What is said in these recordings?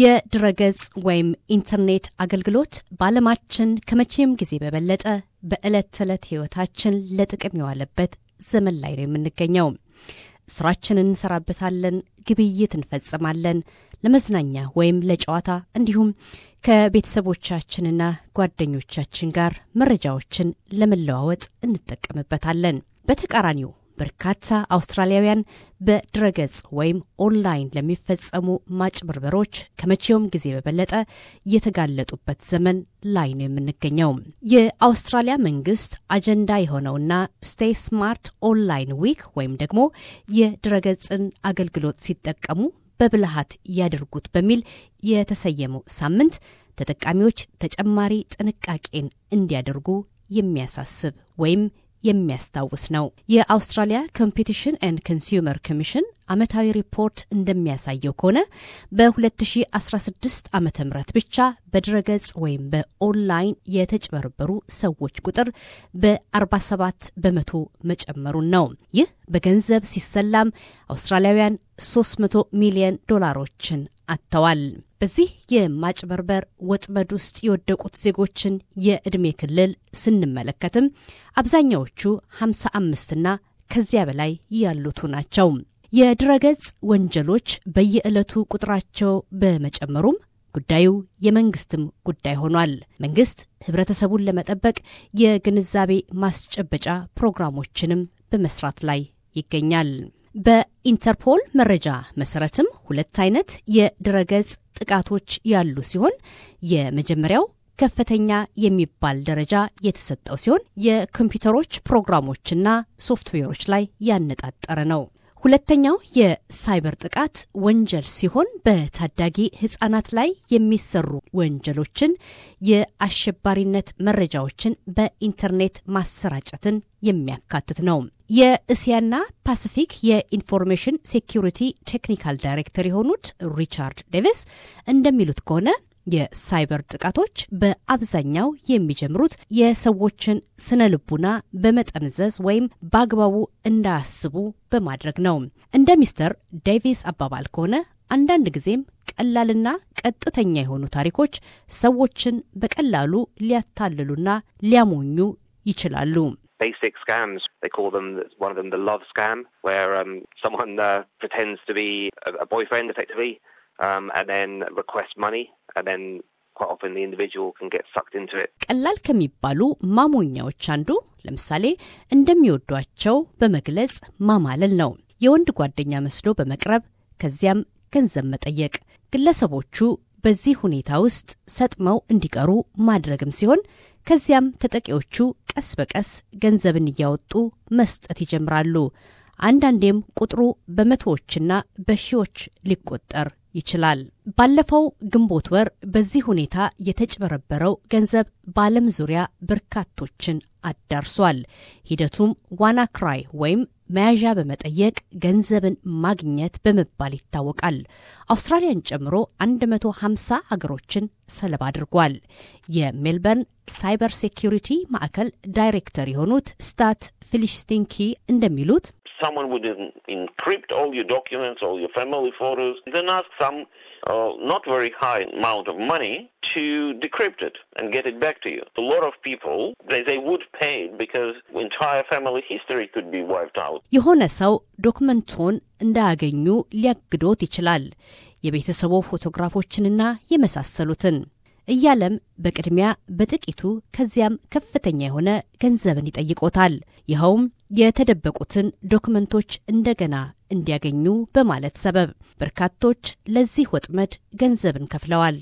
የድረገጽ ወይም ኢንተርኔት አገልግሎት በዓለማችን ከመቼም ጊዜ በበለጠ በዕለት ተዕለት ሕይወታችን ለጥቅም የዋለበት ዘመን ላይ ነው የምንገኘው። ስራችንን እንሰራበታለን፣ ግብይት እንፈጽማለን፣ ለመዝናኛ ወይም ለጨዋታ እንዲሁም ከቤተሰቦቻችንና ጓደኞቻችን ጋር መረጃዎችን ለመለዋወጥ እንጠቀምበታለን። በተቃራኒው በርካታ አውስትራሊያውያን በድረገጽ ወይም ኦንላይን ለሚፈጸሙ ማጭበርበሮች ከመቼውም ጊዜ በበለጠ የተጋለጡበት ዘመን ላይ ነው የምንገኘው። የአውስትራሊያ መንግስት አጀንዳ የሆነውና ስቴይ ስማርት ኦንላይን ዊክ ወይም ደግሞ የድረገጽን አገልግሎት ሲጠቀሙ በብልሃት ያደርጉት በሚል የተሰየመው ሳምንት ተጠቃሚዎች ተጨማሪ ጥንቃቄን እንዲያደርጉ የሚያሳስብ ወይም የሚያስታውስ ነው። የአውስትራሊያ ኮምፒቲሽን ኤንድ ኮንሱመር ኮሚሽን ዓመታዊ ሪፖርት እንደሚያሳየው ከሆነ በ2016 ዓ ም ብቻ በድረገጽ ወይም በኦንላይን የተጭበረበሩ ሰዎች ቁጥር በ47 በመቶ መጨመሩን ነው። ይህ በገንዘብ ሲሰላም አውስትራሊያውያን 300 ሚሊዮን ዶላሮችን አጥተዋል። በዚህ የማጭበርበር ወጥመድ ውስጥ የወደቁት ዜጎችን የዕድሜ ክልል ስንመለከትም አብዛኛዎቹ 55ና ከዚያ በላይ ያሉቱ ናቸው። የድረገጽ ወንጀሎች በየዕለቱ ቁጥራቸው በመጨመሩም ጉዳዩ የመንግስትም ጉዳይ ሆኗል። መንግስት ህብረተሰቡን ለመጠበቅ የግንዛቤ ማስጨበጫ ፕሮግራሞችንም በመስራት ላይ ይገኛል። በኢንተርፖል መረጃ መሰረትም ሁለት አይነት የድረገጽ ጥቃቶች ያሉ ሲሆን የመጀመሪያው ከፍተኛ የሚባል ደረጃ የተሰጠው ሲሆን የኮምፒውተሮች ፕሮግራሞችና ሶፍትዌሮች ላይ ያነጣጠረ ነው። ሁለተኛው የሳይበር ጥቃት ወንጀል ሲሆን በታዳጊ ህጻናት ላይ የሚሰሩ ወንጀሎችን፣ የአሸባሪነት መረጃዎችን በኢንተርኔት ማሰራጨትን የሚያካትት ነው። የእስያና ፓሲፊክ የኢንፎርሜሽን ሴኪሪቲ ቴክኒካል ዳይሬክተር የሆኑት ሪቻርድ ዴቪስ እንደሚሉት ከሆነ የሳይበር ጥቃቶች በአብዛኛው የሚጀምሩት የሰዎችን ስነ ልቡና በመጠምዘዝ ወይም በአግባቡ እንዳያስቡ በማድረግ ነው። እንደ ሚስተር ዴቪስ አባባል ከሆነ አንዳንድ ጊዜም ቀላልና ቀጥተኛ የሆኑ ታሪኮች ሰዎችን በቀላሉ ሊያታልሉና ሊያሞኙ ይችላሉ። basic scams. They call them one of them the love scam, where um, someone uh, pretends to be a, a boyfriend effectively, um, and then requests money, and then quite often the individual can get sucked into it. ቀላል ከሚባሉ ማሞኛዎች አንዱ ለምሳሌ እንደሚወዷቸው በመግለጽ ማማለል ነው። የወንድ ጓደኛ መስሎ በመቅረብ ከዚያም ገንዘብ መጠየቅ ግለሰቦቹ በዚህ ሁኔታ ውስጥ ሰጥመው እንዲቀሩ ማድረግም ሲሆን ከዚያም ተጠቂዎቹ ቀስ በቀስ ገንዘብን እያወጡ መስጠት ይጀምራሉ። አንዳንዴም ቁጥሩ በመቶዎችና በሺዎች ሊቆጠር ይችላል። ባለፈው ግንቦት ወር በዚህ ሁኔታ የተጭበረበረው ገንዘብ በዓለም ዙሪያ በርካቶችን አዳርሷል። ሂደቱም ዋና ክራይ ወይም መያዣ በመጠየቅ ገንዘብን ማግኘት በመባል ይታወቃል። አውስትራሊያን ጨምሮ 150 አገሮችን ሰለባ አድርጓል። የሜልበርን ሳይበር ሴኪሪቲ ማዕከል ዳይሬክተር የሆኑት ስታት ፊሊሽስቲንኪ እንደሚሉት someone would encrypt all your documents, all your family photos, then ask some uh, not very high amount of money to decrypt it and get it back to you. A lot of people, they, they would pay it because entire family history could be wiped out. የሆነ ሰው ዶክመንቶን እንዳያገኙ ሊያግዶት ይችላል። የቤተሰቡ ፎቶግራፎችንና የመሳሰሉትን እያለም በቅድሚያ በጥቂቱ ከዚያም ከፍተኛ የሆነ ገንዘብን ይጠይቆታል። ይኸውም የተደበቁትን ዶክመንቶች እንደገና እንዲያገኙ በማለት ሰበብ በርካቶች ለዚህ ወጥመድ ገንዘብን ከፍለዋል።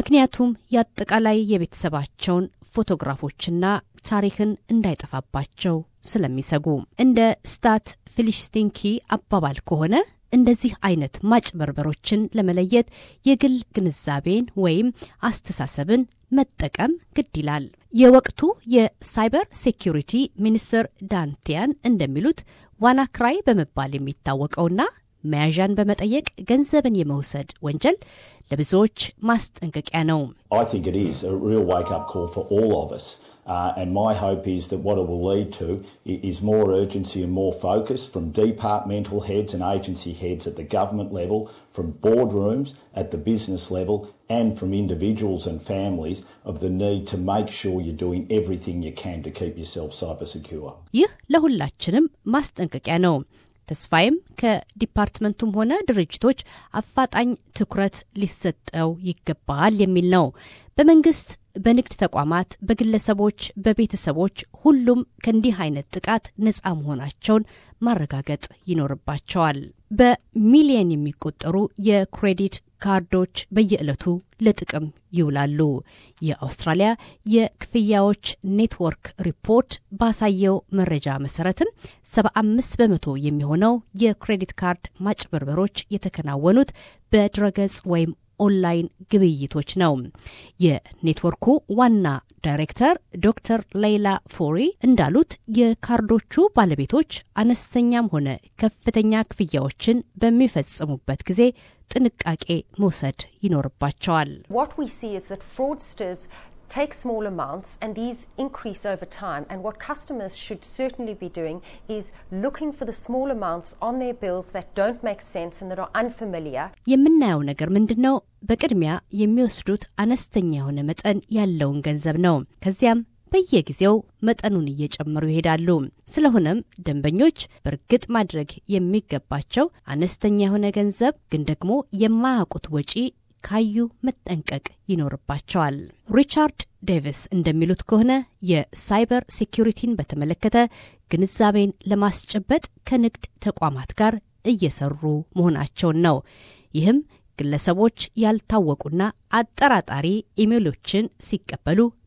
ምክንያቱም የአጠቃላይ የቤተሰባቸውን ፎቶግራፎችና ታሪክን እንዳይጠፋባቸው ስለሚሰጉ። እንደ ስታት ፊሊሽስቲንኪ አባባል ከሆነ እንደዚህ አይነት ማጭበርበሮችን ለመለየት የግል ግንዛቤን ወይም አስተሳሰብን መጠቀም ግድ ይላል። የወቅቱ የሳይበር ሴኪሪቲ ሚኒስትር ዳንቲያን እንደሚሉት ዋና ክራይ በመባል የሚታወቀውና መያዣን በመጠየቅ ገንዘብን የመውሰድ ወንጀል ለብዙዎች ማስጠንቀቂያ ነው። Uh, and my hope is that what it will lead to is more urgency and more focus from departmental heads and agency heads at the government level, from boardrooms at the business level, and from individuals and families of the need to make sure you're doing everything you can to keep yourself cyber secure. ይህ ለሁላችንም ማስጠንቀቂያ ነው። ተስፋይም ከዲፓርትመንቱም ሆነ ድርጅቶች አፋጣኝ ትኩረት ሊሰጠው ይገባል የሚል ነው። በመንግስት፣ በንግድ ተቋማት፣ በግለሰቦች፣ በቤተሰቦች ሁሉም ከእንዲህ አይነት ጥቃት ነፃ መሆናቸውን ማረጋገጥ ይኖርባቸዋል። በሚሊየን የሚቆጠሩ የክሬዲት ካርዶች በየዕለቱ ለጥቅም ይውላሉ። የአውስትራሊያ የክፍያዎች ኔትወርክ ሪፖርት ባሳየው መረጃ መሰረትም 75 በመቶ የሚሆነው የክሬዲት ካርድ ማጭበርበሮች የተከናወኑት በድረገጽ ወይም ኦንላይን ግብይቶች ነው። የኔትወርኩ ዋና ዳይሬክተር ዶክተር ሌይላ ፎሪ እንዳሉት የካርዶቹ ባለቤቶች አነስተኛም ሆነ ከፍተኛ ክፍያዎችን በሚፈጽሙበት ጊዜ ጥንቃቄ መውሰድ ይኖርባቸዋል። take small amounts and these increase over time. And what customers should certainly be doing is looking for the small amounts on their bills that don't make sense and that are unfamiliar. የምናየው ነገር ምንድን ነው? በቅድሚያ የሚወስዱት አነስተኛ የሆነ መጠን ያለውን ገንዘብ ነው። ከዚያም በየጊዜው መጠኑን እየጨመሩ ይሄዳሉ። ስለሆነም ደንበኞች በእርግጥ ማድረግ የሚገባቸው አነስተኛ የሆነ ገንዘብ ግን ደግሞ የማያውቁት ወጪ ካዩ መጠንቀቅ ይኖርባቸዋል። ሪቻርድ ዴቪስ እንደሚሉት ከሆነ የሳይበር ሴኪሪቲን በተመለከተ ግንዛቤን ለማስጨበጥ ከንግድ ተቋማት ጋር እየሰሩ መሆናቸውን ነው። ይህም ግለሰቦች ያልታወቁና አጠራጣሪ ኢሜሎችን ሲቀበሉ